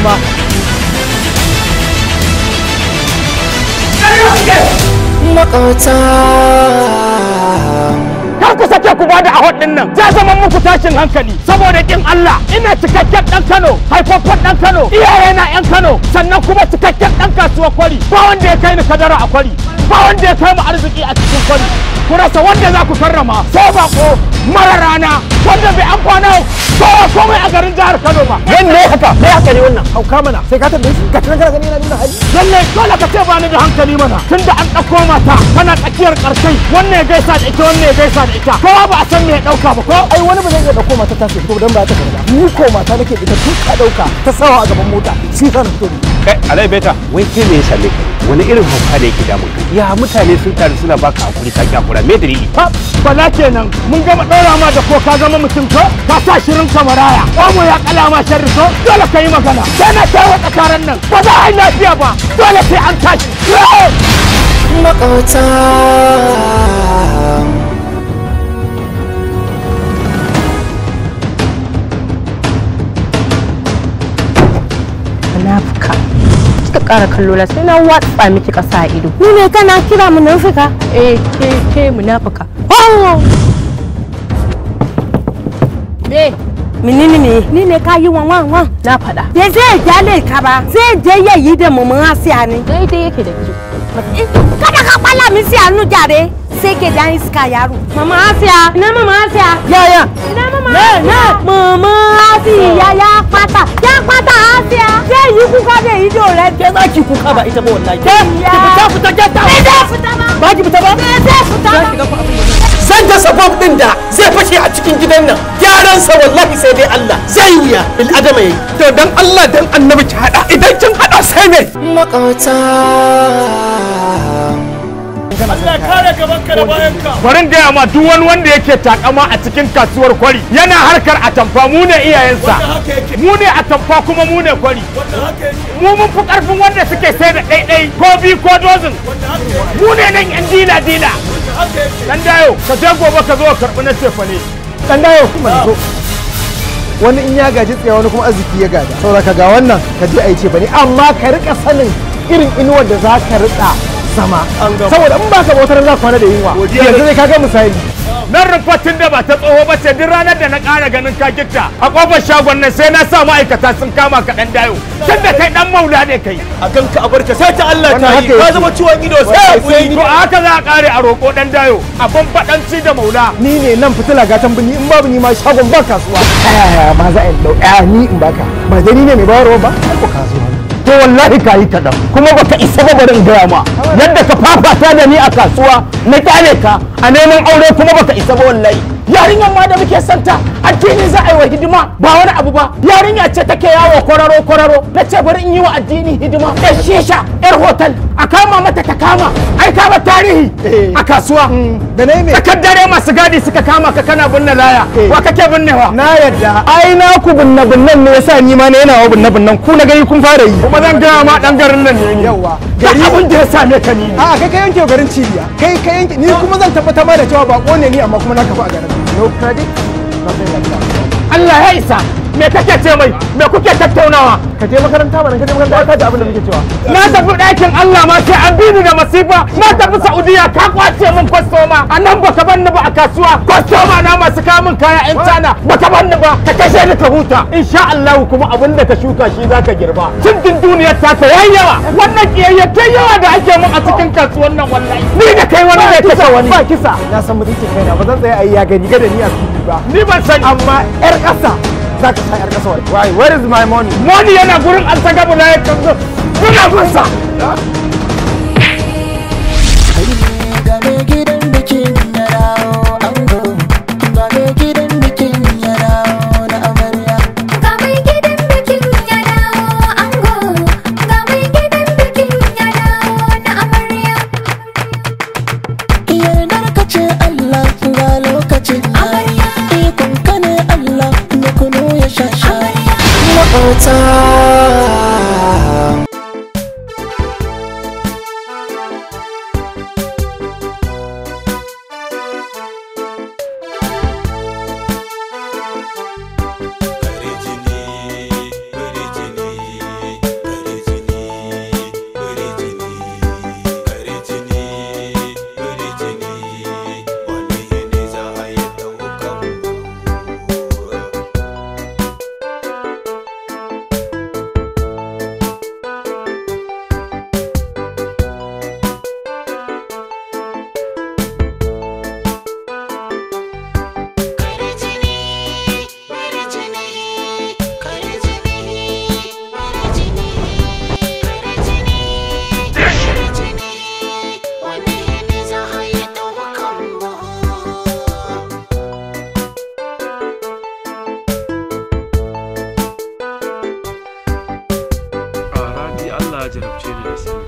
kai ku sake ku bada ahod din nan zai zama muku tashin hankali saboda kin Allah ina cikakken dan Kano haifaffen dan Kano iyaye na yan Kano sannan kuma cikakken dan kasuwa kwari ba wanda ya kai ni kadara a kwari ba wanda ya kai mu arziki a cikin kwari kurasa wanda za ku karrama ko ko mara rana wanda bai amfana kowa komai a garin jihar Kano ba. Yan ne haka ne haka ne wannan hauka mana sai ka tambaye shi ka tana gara gani yana nuna hali. ne dole ka ce ba ni da hankali mana tunda an ɗauko mata kana tsakiyar ƙarshen wannan ya gaisa da ita wannan ya gaisa da ita kowa ba a san me ya ɗauka ba ko. Ai wani ba zai iya ɗauko mata ta ce ko dan ba ta karɓa ni ko mata nake ita tun ka ɗauka ta sawa a gaban mota shi ta na kai alai beta wai ke me yasa ne wani irin hauka da yake damu ya mutane sun taru suna baka hakuri ka kyakura me dalili ha bala kenan mun gama daura ma da ko ka zama mutum ko ka sa shirin kamaraya mu ya kala ma sharri ko dole ka magana sai na tawo tsakaran nan ba za a yi lafiya ba dole sai an tashi makauta kara kallo na sai na watsa miki kasa a ido ni ne kana kira munafika eh ke ke munafika be menene ne ni ne ka yi wan wan na faɗa ya le ka ba zai je ye yi da mu mun ani ne dai yake da ki eh, kada ka kwala mi si anu jare sai ke dan iska yaro mama asiya ina mama asiya ya ya ina mama na mama ya kuka ne ido ran ke za ki kuka ba ita ba wallahi ke ki fita fita ke ta ne da fita ba ba ki fita ba ne da fita ba zan ta sabab din da zai fashe a cikin gidan nan gyaran sa wallahi sai dai Allah zai wuya bil adama yayi to dan Allah dan annabi ki hada idan kin hada sai ne makauta kana Allah kare gaban ka da bayan ka barin da ma duk wani wanda yake takama a cikin kasuwar kwari yana harkar atamfa mu ne iyayensa mu ne atamfa kuma mu ne kwari mu mun fi karfin wanda suke sai da ɗaiɗai ko bi ko dozin mu ne nan yan dila dila dan dayo ka je gobe ka zo ka karɓi na cefa ne dan dayo kuma ah. zo wani in ya gaji tsaye wani kuma arziki ya gada saboda ka ga wannan ka je a yi ce bane amma ka rika sanin irin inuwar da za ka rika sama saboda in baka bautar za kwana da yunwa yanzu zai kaga misali nan rufatin da ba ta tsoho ba ce duk ranar da na ƙara ganin ka gitta a ƙofar shagon nan sai na sa ma'aikata sun kama ka ɗan dayo tun da kai ɗan maula ne kai a kan ka abarka sai ta Allah ta yi ka zama ciwon ido sai ku eh, yi to a haka za a ƙare a roƙo ɗan dayo a banbaɗanci da maula ni ne nan fitila ga bini in babu ni ma shagon ba kasuwa ma za a yi ni in baka ba dai ni ne mai bayarwa ba ko ka to wallahi ka yi kaɗan kuma baka isa ba bari in gaya ma yadda ka fafata da ni a kasuwa na kyale ka a neman aure kuma baka isa ba wallahi yarinyar ma da muke santa addini za a yi wa hidima ba wani abu ba yarinya ce take yawo kwararo kwararo na ce bari in yi wa addini hidima yar shesha yar hotel a kama mata ta kama ai kama tarihi eh. a kasuwa mm. da ne me takaddare masu gadi suka kama ka kana binne laya eh. wa kake binnewa na yadda ai na ku binne binnen ne yasa ni ma ne yana wa binne binnen ku na gari kun fara yi kuma zan gaya ma dan garin nan ne yawa gari abin da yasa ne ka ni a kai ka yanke garin cibiya kai ka yanke ni kuma zan tabbatar da cewa bako ne ni amma kuma na kafa a garin no credit nothing like that Allah ya isa me kake ce mai me kuke tattaunawa ka je makaranta ba ka je makaranta ka ji abin da muke cewa na tafi ɗakin Allah ma sai an bini da masifa na tafi Saudiya ka kwace min kwastoma a nan baka banni ba a kasuwa kwastoma na masu kamun kaya yan cana baka banni ba ka kashe ni ka huta insha Allah kuma abin da ka shuka shi zaka girba cin duniyar ta ta yawa wannan kiyayya ta yawa da ake mun a cikin kasuwan nan wallahi ni da kai wani ne kashe wani ba kisa na san mutuncin kaina ba zan tsaya ayi ya gani gada ni a ba ni ban san amma yar kasa za ka sa kasa wai where is my money money yana gurin alsagabu na ya kanzo kuna gunsa larger opportunities.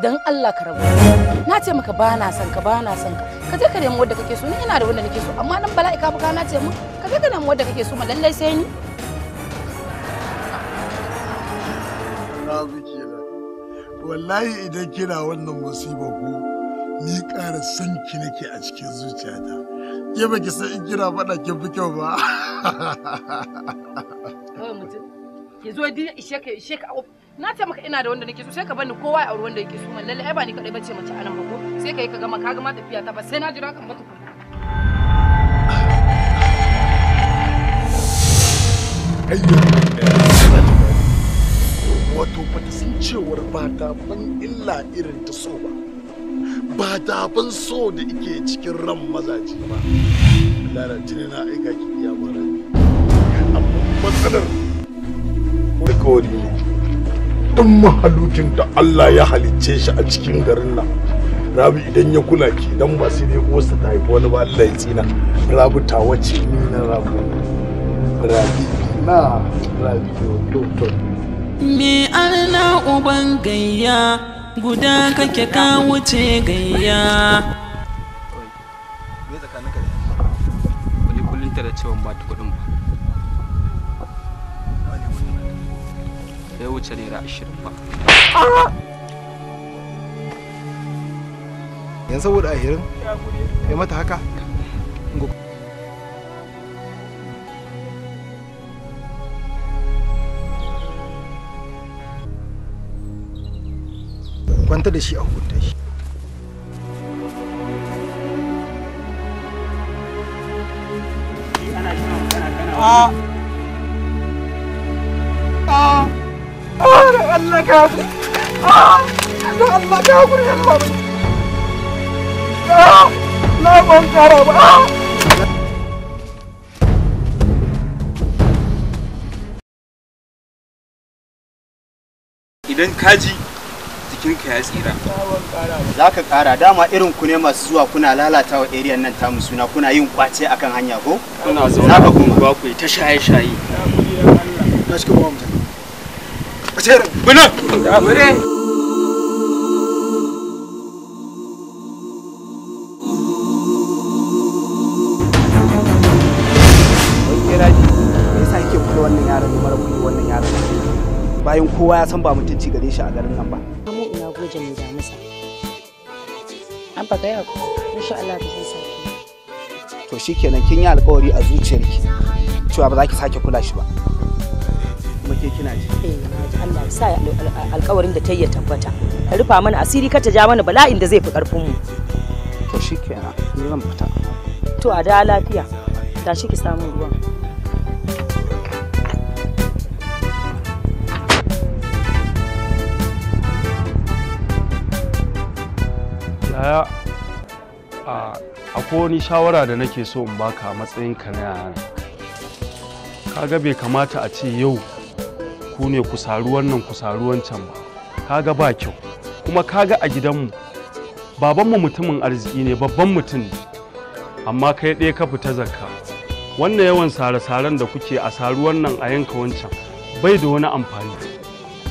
dan Allah ka rabu na ce maka ba na son ka ba na son ka ka je ka nemi wanda kake so ni ina da wanda nake so amma nan bala'i ka buka na ce mu ka je ka nemi wanda kake so ma lallai sai ni wallahi idan kina wannan musiba ko ni ƙara san ki nake a cikin zuciyata ke baki san in kina faɗa kin fi kyau ba kawai mutum ke zo dina ishe ka ishe ka na ce maka ina da wanda nake so sai ka bani kowa ya auri wanda yake so man lalle ai ba ni kadai bace mace anan ba ko sai kai ka gama ka gama tafiya ta ba sai na jira kan ba ayyo wato ba ta san cewar ba ta ban illa irin ta so ba ba ta ban so da ike cikin ran mazaje ba lara tuni na aika ki iya mara amma matsalar da kawai ne mahalucin da Allah ya halicce shi a cikin garin nan rabi idan ya kula ki dan ba sai dai kosa ta haifi wani ba Allah ya tsina rabi ta wace ni na rabu rabi na rabi to to bi ana uban gayya guda kake ka wuce gayya me tsakaninka da ni kullun tare cewa ba ta wuce naira ashirin ba yanzu saboda ahirin? ya mata haka kwanta da shi a hukunta shi Ah! Uh. Ah, ah, ah. ka ka idan kaji jikinka ya tsira za ka kara dama irin ku ne masu zuwa kuna lalata wa ariyan nan tamu suna kuna yin kwace akan hanya ko kuna zaune ba ku ta shaye-shaye na shi kuma Bashir. Bana. Ya bare. bayan kowa ya san ba mutunci gare shi a garin nan ba. Kuma ina goje mai da masa. An ba gaya ku, insha Allah ka san sake. To shi kenan kin yi alƙawari a zuciyarki cewa ba za ki sake kula shi ba. ke kina eh, ji Allah ya sa alƙawarin da ta yi tabbata ka rufa mana asiri ka ta ja mana bala'in da zai fi karfin mu to shikenan zan fita to a da lafiya tashi ki samu Yaya akwai wani shawara da nake so in baka matsayinka na Ka Kaga bai kamata a ce yau ku ne ku saru nan ku saru can ba kaga ba kyau kuma kaga a gidanmu babanmu mutumin arziki ne babban mutum ne amma kai ɗaya ka fita zakka wannan yawan sare-saren da kuke a saruwan nan a yanka wancan bai da wani amfani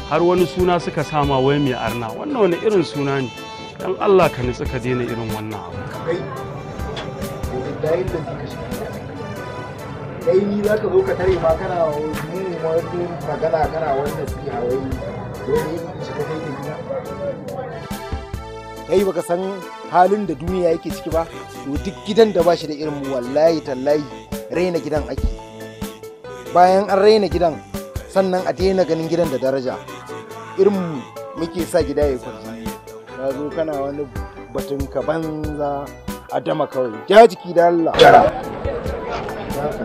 har wani suna suka sama wai mai arna wannan wani irin suna ne dan allah ka nutsu ka daina irin wannan abu kai ni za ka zo ka tare ma kana mun wani magana kana wannan su a wai wani shiga kai da gida kai baka san halin da duniya yake ciki ba to duk gidan da ba shi da irin wallahi tallahi raina gidan ake bayan an raina gidan sannan a daina ganin gidan da daraja irin muke sa gida ya kwanci ka zo kana wani batun ka banza a dama kawai ja jiki da Allah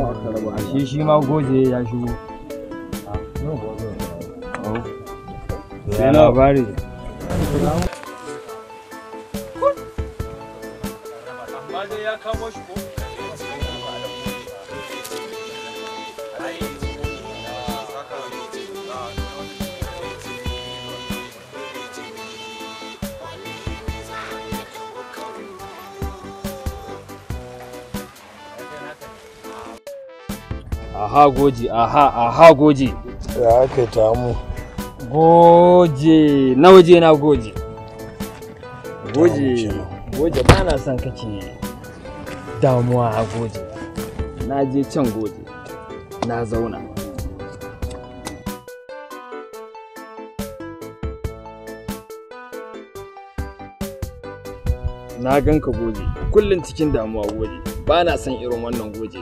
mu aka raba shi shi ma goje ya shigo sai labari ya kamo shi ko aha goje aha aha goje ya aka ta goje na waje na goje goje goje ba na son kake damuwa a goje na je can goje na zauna na ganka goje kullum cikin damuwa goje ba na son irin wannan goje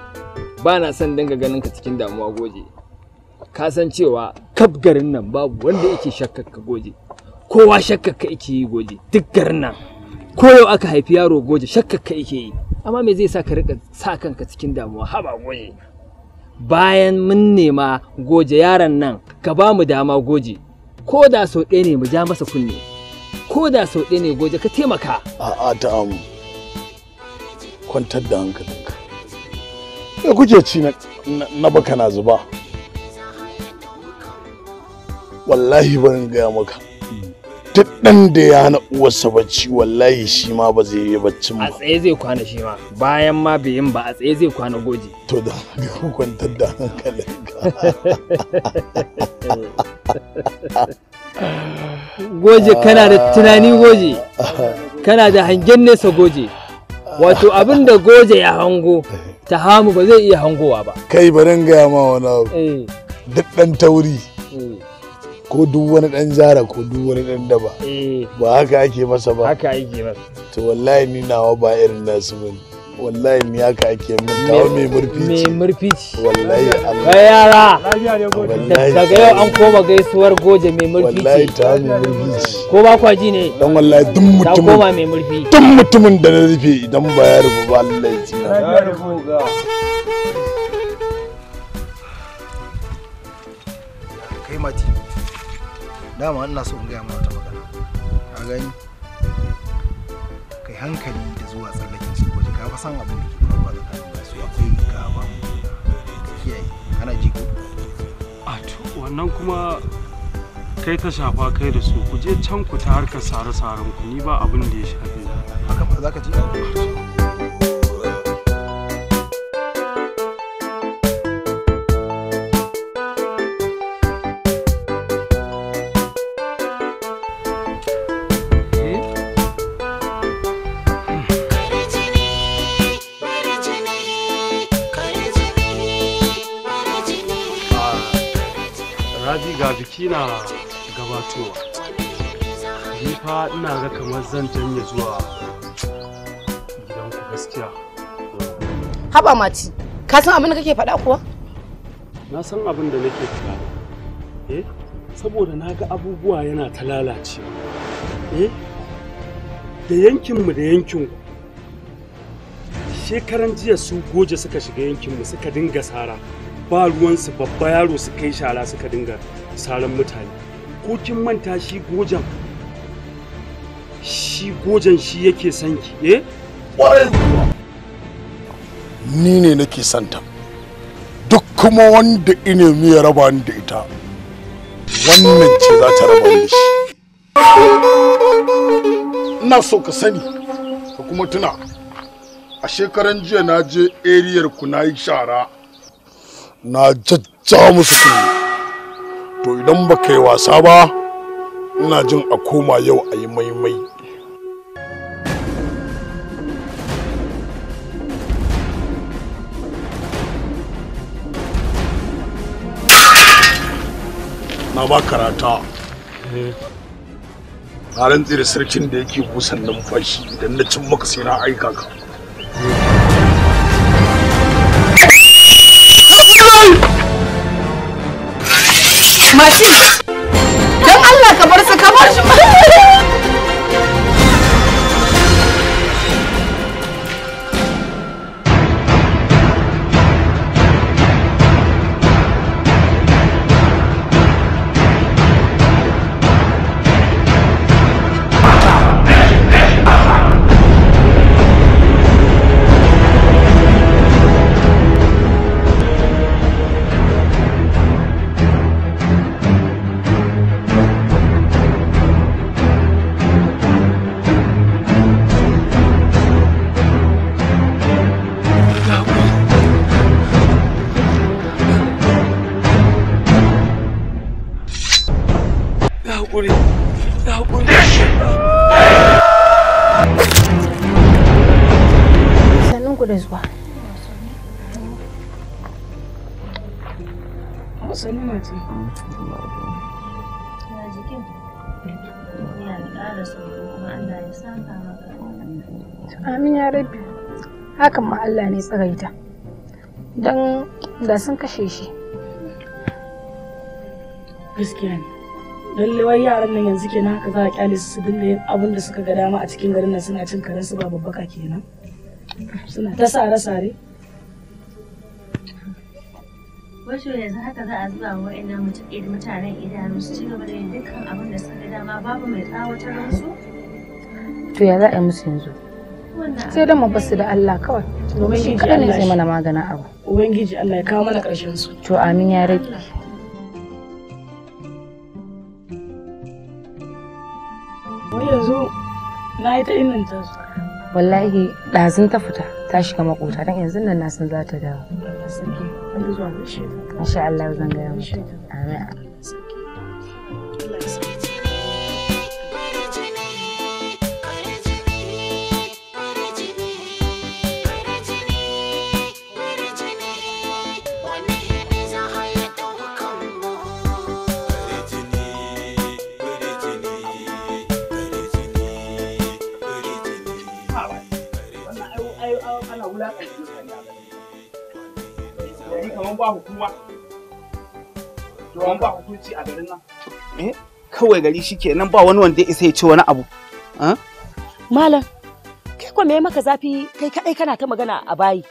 ba na son dinga ganin ka cikin damuwa goje ka san cewa kaf garin nan babu wanda yake shakkar ka goje kowa shakkar ka yake yi goje duk garin nan ko yau aka haifi yaro goje shakkar ka yake yi amma me zai sa ka rika sa kanka cikin damuwa ba goje bayan mun nema goje yaron nan ka ba mu dama goje ko da sau ɗaya ne mu ja masa kunne ko da sau ɗaya ne goje ka taimaka a'a ta'am kwantar da hankalinka ya kuke ci na baka na zuba? Wallahi ban gaya maka. Duk ɗan da ya na uwarsa bacci wallahi shi ma ba zai yi bacci ba. A tsaye zai kwana shi ma bayan ma bai yin ba a tsaye zai kwana goji. To da ga kwantar da hankali. Goje kana da tunani goje, kana da hangen nesa goje. wato abin da goje ya hango ta hamu ba zai iya hangowa ba kai barin gaya ma wani abu eh. duk dan tauri eh. ko duk wani dan zara ko duk wani dan daba eh. ba haka ake masa ba haka ake masa to wallahi ni nawa ba irin nasu bane wallahi ni haka ake mun kawo mai murfi ce mai murfi ce wallahi Allah ya yara daga yau an koma gaisuwar goje mai murfi ce wallahi ta mai murfi ce ko ba kwaji ne dan wallahi duk mutumin ta koma mai murfi duk mutumin da na rufe idan ba ya rufe ba Allah ya tsira ya rufe ga kai mati dama ina so in ga ma wata magana ka gani kai hankali da zuwa tsara kasan abin da ke faruwa da kayan akwai gaba kiyaye kana ji ko a to wannan kuma kai ta shafa kai da su kuje can ku ta harkar sare-saren ku ni ba abin da ya shafe haka ba za ka ji shi na gabatowa ne fa ina ga kamar zan janye zuwa gidanku gaskiya haba mati ka san abin da kake faɗa kuwa na san abin da nake faɗa eh saboda na ga abubuwa yana ta lalace eh da yankinmu da yankinku shekaran jiya su goje suka shiga yankinmu suka dinga sara ba ruwansu babba yaro su kai shara suka dinga saran mutane ko kin manta shi gojan shi gojan shi yake son ki eh ni ne nake santa duk kuma wanda ina mu ya raba ni da ita wannan ce za ta raba ni shi ina so ka sani ka kuma tuna a shekaran jiya na je eriyar ku na yi shara na jajja musu kuma to idan ba ka wasa ba ina jin a koma yau a yi maimai na ba karata a rantsi da sarkin da yake busan numfashi idan na cin maka sai na aika ka mashin don Allah ka bar su ka bar shi Amin ya rabi. Hakan ma Allah ne tsagaita. Don da sun kashe shi. Gaskiya ne. Lalle wai yaran nan yanzu kenan haka za a kyale su su dinga yin abin da suka ga dama a cikin garin nan suna cin karensu ba babbaka kenan. Suna ta sare-sare. wato yanzu haka za a zuba wa ina mutanen idanu su ci gaba da yin dukkan abin da suka dama babu mai tsawatar musu to ya za a yi musu yanzu sai dai mu basu da Allah kawai ubangiji Allah ne zai mana magana abu ubangiji Allah ya kawo mana karshen su to amin ya rage wai yanzu na yi ta innan ta wallahi ɗazun ta fita ta shiga makota don yanzu nan na san za ta dawo. Insha Allah zan gaya mata. Amin. ba hukuma ba hukunci a garin nan eh kawai gari ke nan ba wani wanda isa ya ce wani abu ah? malam kai ko me maka zafi kai kadai kana ta magana a bayi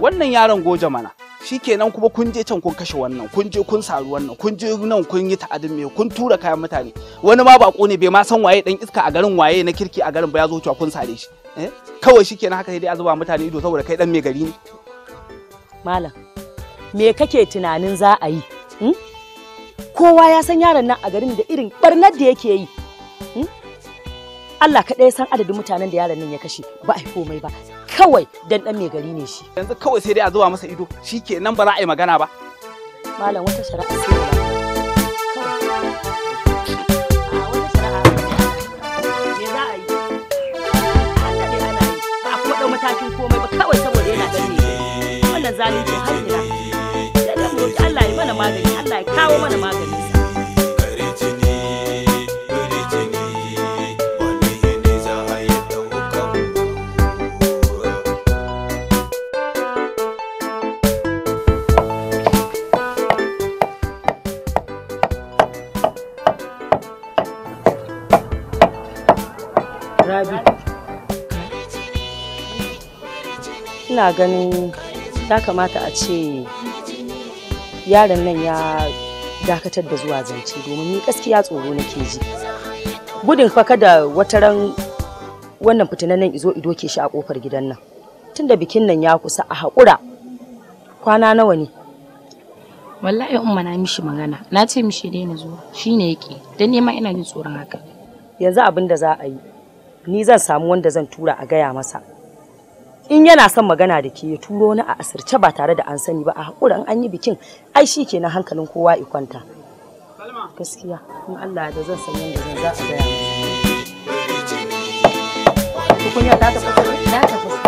wannan yaron goje mana shikenan kuma kun je can kun kashe wannan kun je kun saru wannan kun je nan kun yi ta'adin me kun tura kayan mutane wani ma bako ne bai ma san waye dan iska a garin waye na kirki a garin ba ya zo cewa kun sare shi eh? kawai shikenan haka sai dai a zuba mutane ido saboda kai dan mai gari ne malam me kake tunanin za a yi hmm? kowa ya san yaron nan a garin da irin barnar da yake yi hmm? Allah kaɗai san adadin mutanen da yaron nan ya kashe ba a yi komai ba kawai dan dan mai gari ne shi yanzu kawai sai dai a zuwa masa ido shike nan ba za a yi magana ba malam wata shari'a sai matakin komai ba kawai saboda yana gani wannan zalunci har ne roki Allah ya mana magani Allah ya kawo mana magani ina ganin ya kamata a ce yaron nan ya dakatar da zuwa zance domin ni gaskiya tsoro nake ji gudun fa kada wata ran wannan fitinan nan izo ido ke shi a kofar gidan nan tunda bikin nan ya kusa a haƙura kwana nawa ne wallahi umma na mishi magana na ce mishi dai na zo shine yake dan nema ina jin tsoron haka yanzu abin da za a yi ni zan samu wanda zan tura a gaya masa in yana son magana da ke ya turo ni a asirce ba tare da an sani ba a haƙurin an yi bikin ai shi kenan hankalin kowa i kwanta gaskiya in Allah da zan san yadda zan za a gaya tukunya ta tafi ta tafi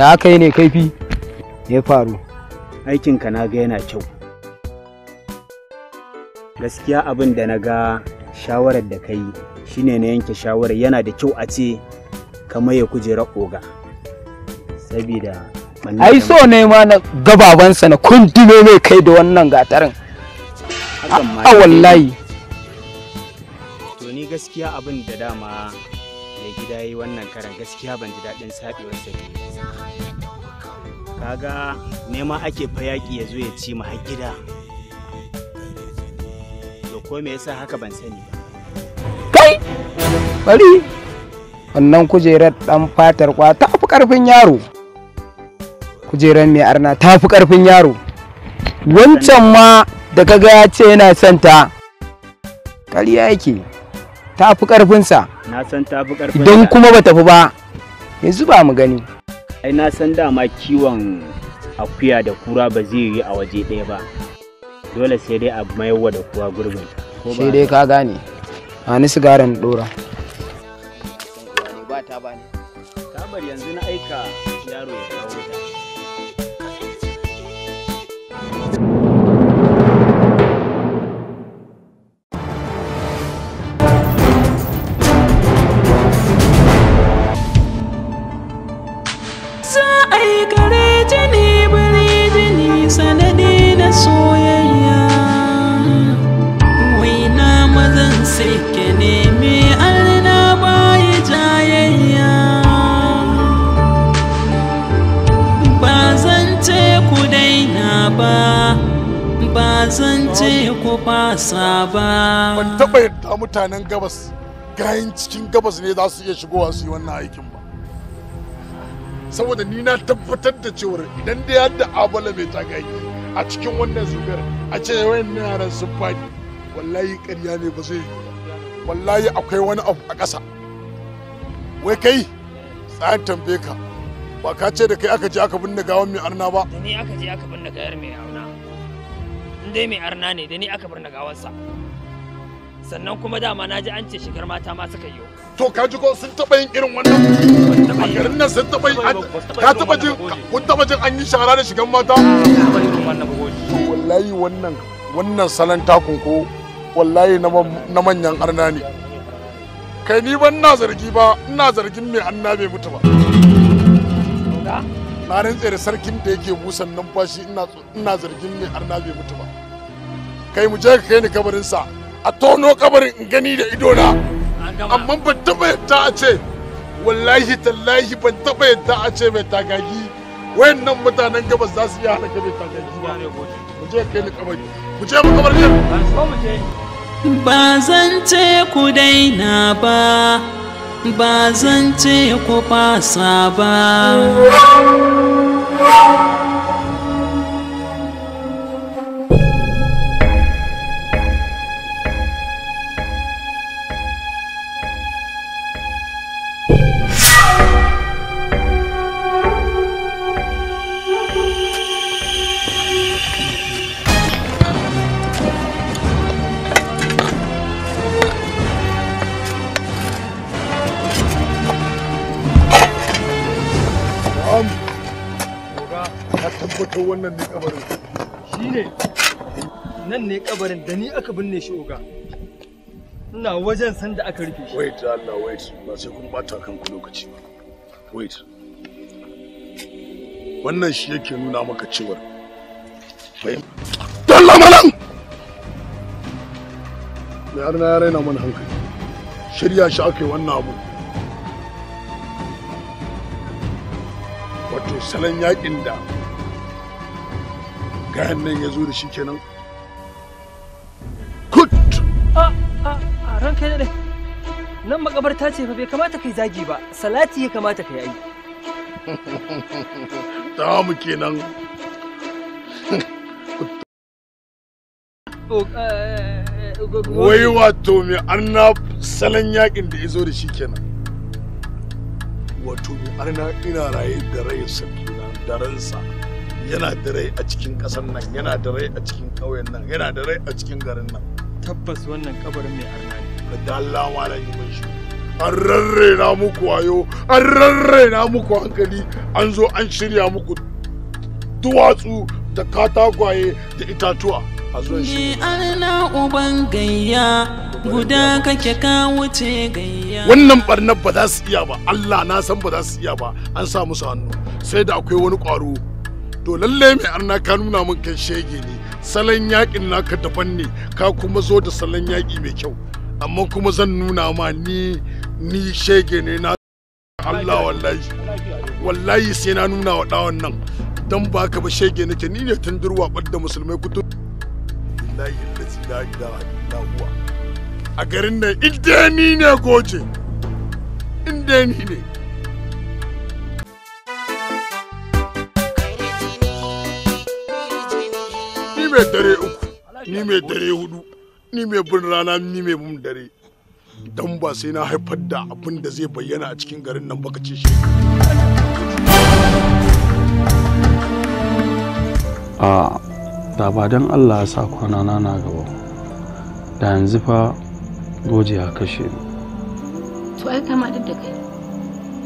ya kai ne kaifi ya faru aikinka na ga yana kyau gaskiya abin da na ga shawarar da kai shine na yanke shawarar yana da kyau a ce ka maye kujerar oga saboda ai so ne ma na gababansa na kundume mai kai da wannan gatarin a wallahi to ni gaskiya abin da dama mai gida yi wannan karan gaskiya ban ji daɗin saɓewar sa kaga nema ake fa yaƙi ya zo ya ci mu har gida to ko me yasa haka ban sani ba kai bari wannan kujerar dan fatar kwa ta fi ƙarfin yaro kujerar mai arna ta fi ƙarfin yaro wancan ma da kaga ya ce yana son ta ƙarya yake ta fi ƙarfinsa na san ta fi karfin idan kuma ba tafi ba yanzu ba mu gani ai na san dama kiwon akuya da kura ba zai yi a waje ɗaya ba dole sai dai a mayarwa da kuwa gurbin sai dai ka gane a ni sigarin ɗora. ba ta ba ne yanzu na aika yaro ya kawo mutanen gabas gayin cikin gabas ne za su iya shigowa su yi wannan aikin ba saboda ni na tabbatar da cewar idan da yadda abala mai tagaki a cikin wannan zubar a ce yawan yaran sun fadi wallahi ƙarya ne ba zai wallahi akwai wani abu a ƙasa wai kai tsayar tambaye ka ba ka ce da kai aka je aka binne gawan mai arna ba da ni aka je aka binne gawar mai arna in dai mai arna ne da ni aka binne gawarsa sannan kuma dama na ji an ce shigar mata ma suka yi to ka ji ko sun taɓa yin irin wannan a garin nan sun taɓa yi ka taɓa jin kun taba jin an yi shara da shigar mata wallahi wannan wannan salon takun ko wallahi na manyan arna ne kai ni ban na zargi ba ina zargin mai anna bai mutu ba na rantse da sarkin da yake busan numfashi ina zargin mai arna bai mutu ba kai mu je ka kai ni kabarinsa a tono kabarin in gani da idona amma ban taɓa yadda a ce wallahi tallahi ban taɓa yadda a ce mai tagagi wayannan mutanen gabas za su iya halaka mai tagagi ba mu je kai ni kabari mu je mu kabarin ba zan ce ku daina ba ba zan ce ku fasa ba da ni aka binne shi oga ina wajen san da aka rufe shi wait Allah wait ba sai kun bata kanku lokaci ba wait wannan shi yake nuna maka cewa dalla malam har na ya raina mana hankali shirya shi aka yi wannan abu wato salon yakin da ga nan ya zo da shi kenan a a ran kai ne nan makabarta ce fa bai kamata kai zagi ba salati ya kamata kai yi ta mu kenan eh, eh, eh, wai wato mai arna salon yakin da ya zo da shi kenan wato mai arna ina raye da rai sarkina da ransa yana da rai a cikin ƙasar nan yana da rai a cikin ƙauyen nan yana da rai a cikin garin nan tabbas wannan kabarin mai arna ne da Allah malam yi mai shi an rarraina muku wayo an rarraina muku hankali an zo an shirya muku duwatsu da katakwaye da itatuwa a zo shi uban gayya guda kake ka wuce gayya wannan barnar ba za su iya ba Allah na san ba za su iya ba an sa musu hannu sai da akwai wani ƙwaro to lalle mai arna ka nuna min kan shege ne salon yakin naka daban ne ka kuma zo da salon yaki mai kyau amma kuma zan nuna ma ni ni shege ne na Allah wallahi wallahi sai na nuna wa dawon nan dan ba ka ba shege nake ni ne tundurwa da musulmai kutu billahi allazi la ilaha illa a garin nan idan ni ne goje ni ne mai dare uku ni mai dare hudu ni mai bin rana ni mai bin dare don ba sai na haifar da abin da zai bayyana a cikin garin nan baka ce shi a da ba don allah ya sa kwana na na gaba da yanzu fa goje ya kashe ni to ai kama duk da kai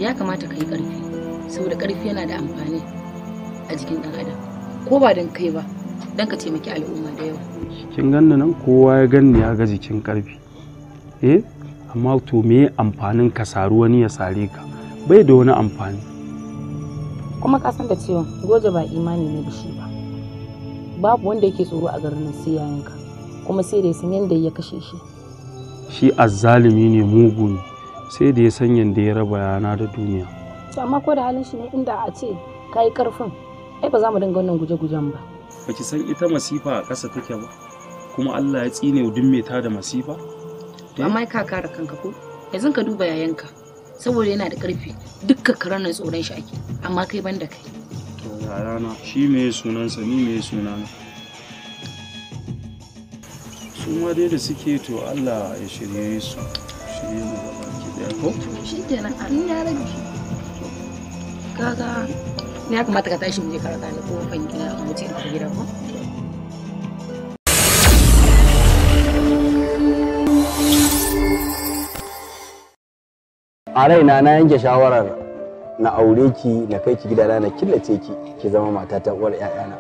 ya kamata ka yi karfi saboda karfi yana da amfani a jikin ɗan adam ko ba don kai ba don ka taimaki al'umma da yau kin ganna nan kowa ya ganni ya ga jikin karfi eh amma to me amfanin ka sari wani ya sare ka bai da wani amfani kuma ka san da cewa goje ba imani ne da shi ba babu wanda yake tsoro a garin sai ka. kuma sai da ya san yadda ya kashe shi shi azzalumi ne mugu ne sai da ya san yadda ya raba yana da duniya amma ko da halin shi ne inda a ce ka karfin ai ba za mu dinga wannan guje-gujen ba baki san ita masifa a ƙasa take ba kuma Allah ya tsine wa duk mai da masifa eh. amma ka kare kanka ko yanzu ka duba yayanka saboda yana da ƙarfi dukka karanan tsoron shi ake amma kai ban da kai to yarana shi me sa ni me sunan. su ma dai da suke to Allah ya shirye su shirye mu ba ki ko shi kenan an ya rage kaga ya kamata ka tashi mu je karata ne ko ban gida mu ce da gida ko a raina na yanke shawarar na aure ki na kai ki gidana na killace ki ki zama matata uwar ƴaƴana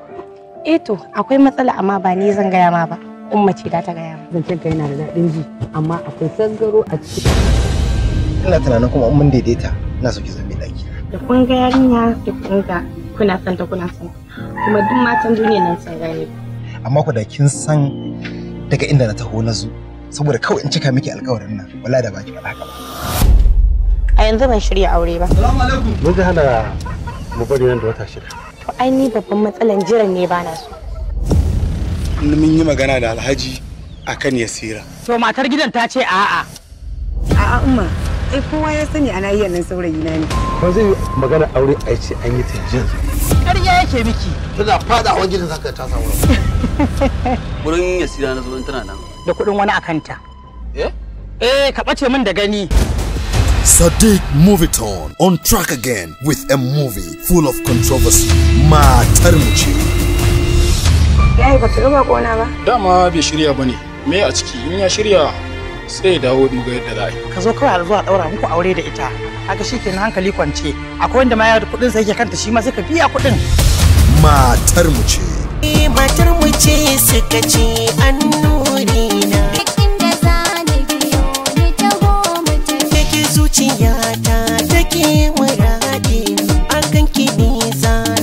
eh to akwai matsala amma ba ni zan gaya ma ba umma ce da ta gaya ma Zan ka yana da dadin ji amma akwai sangaro a ciki ina tunanin kuma mun daidaita ina so ki zabe da kun ga yarinya da kun ga kuna san da kuna san kuma duk matan duniya nan sun gane amma ku da kin san daga inda na taho na zo saboda kawai in cika miki alƙawarin nan wala da baki faɗa ba a yanzu ban shirya aure ba assalamu alaikum mun ga hana mu bari nan da wata shida to ai ni babban matsalan jiran ne ba na so mun yi magana da alhaji akan yasira to matar gidan ta ce a'a a'a umma eh kowa ya sani ana iya nan saurayi na ne ba zai magana aure a ce an yi ta jin ƙarya yake miki tana fada hawan gidan zaka ta samu gurin ya sira na zuwan tana nan da kuɗin wani akanta eh eh ka ɓace min da gani Sadiq Moviton on track again with a movie full of controversy. Matar mace. Yayi ba ta gaba na ba. Dama bai shirya bane. Me a ciki in ya shirya sai da dawo mu ga yadda za a yi ka zo kawai a zuwa daura muku aure da ita haka shi kenan hankali kwance akwai wanda ma ya da kuɗin sa yake kanta shi ma sai ka biya kuɗin matar mu ce matar mu ce suka ce an nuri na zuciyata take muradi akan kini za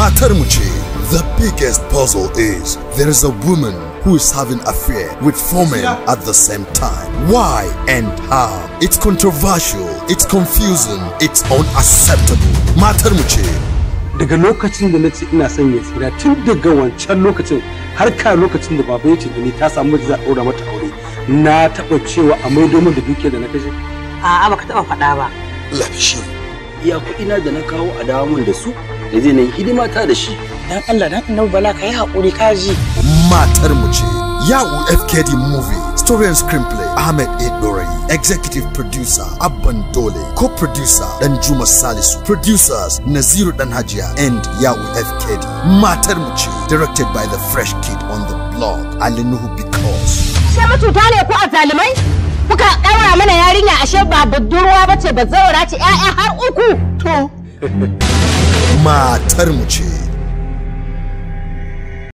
matar mu ce the biggest puzzle is there is a woman who is having affair with four men at the same time why and how it's controversial it's confusing it's unacceptable matar mu ce daga lokacin da nace ina son ya tsira tun daga wancan lokacin har ka lokacin da baba yace da ni ta samu da za a mata aure na taɓa cewa a maido min da duke da na kashe a'a baka taɓa faɗa ba lafishi iya na da na kawo a dawo da su da zai nan hidima ta da shi dan Allah dan annabi bala ka yi hakuri ka ji matar mu ce Yawu FKD movie story and screenplay Ahmed Edori Executive Producer Abban Dole Co-Producer Danjuma Salisu Producers Naziru Danhajiya and Yawu FKD Matar mu ce Directed by the Fresh Kid on the blog Alinuhu Because mutu mututa ne ku a zalimai? Kuka ɗaura mana yarinya ashe ba budurwa bace ba zaura ce 'ya'ya har uku. To. matar mu ce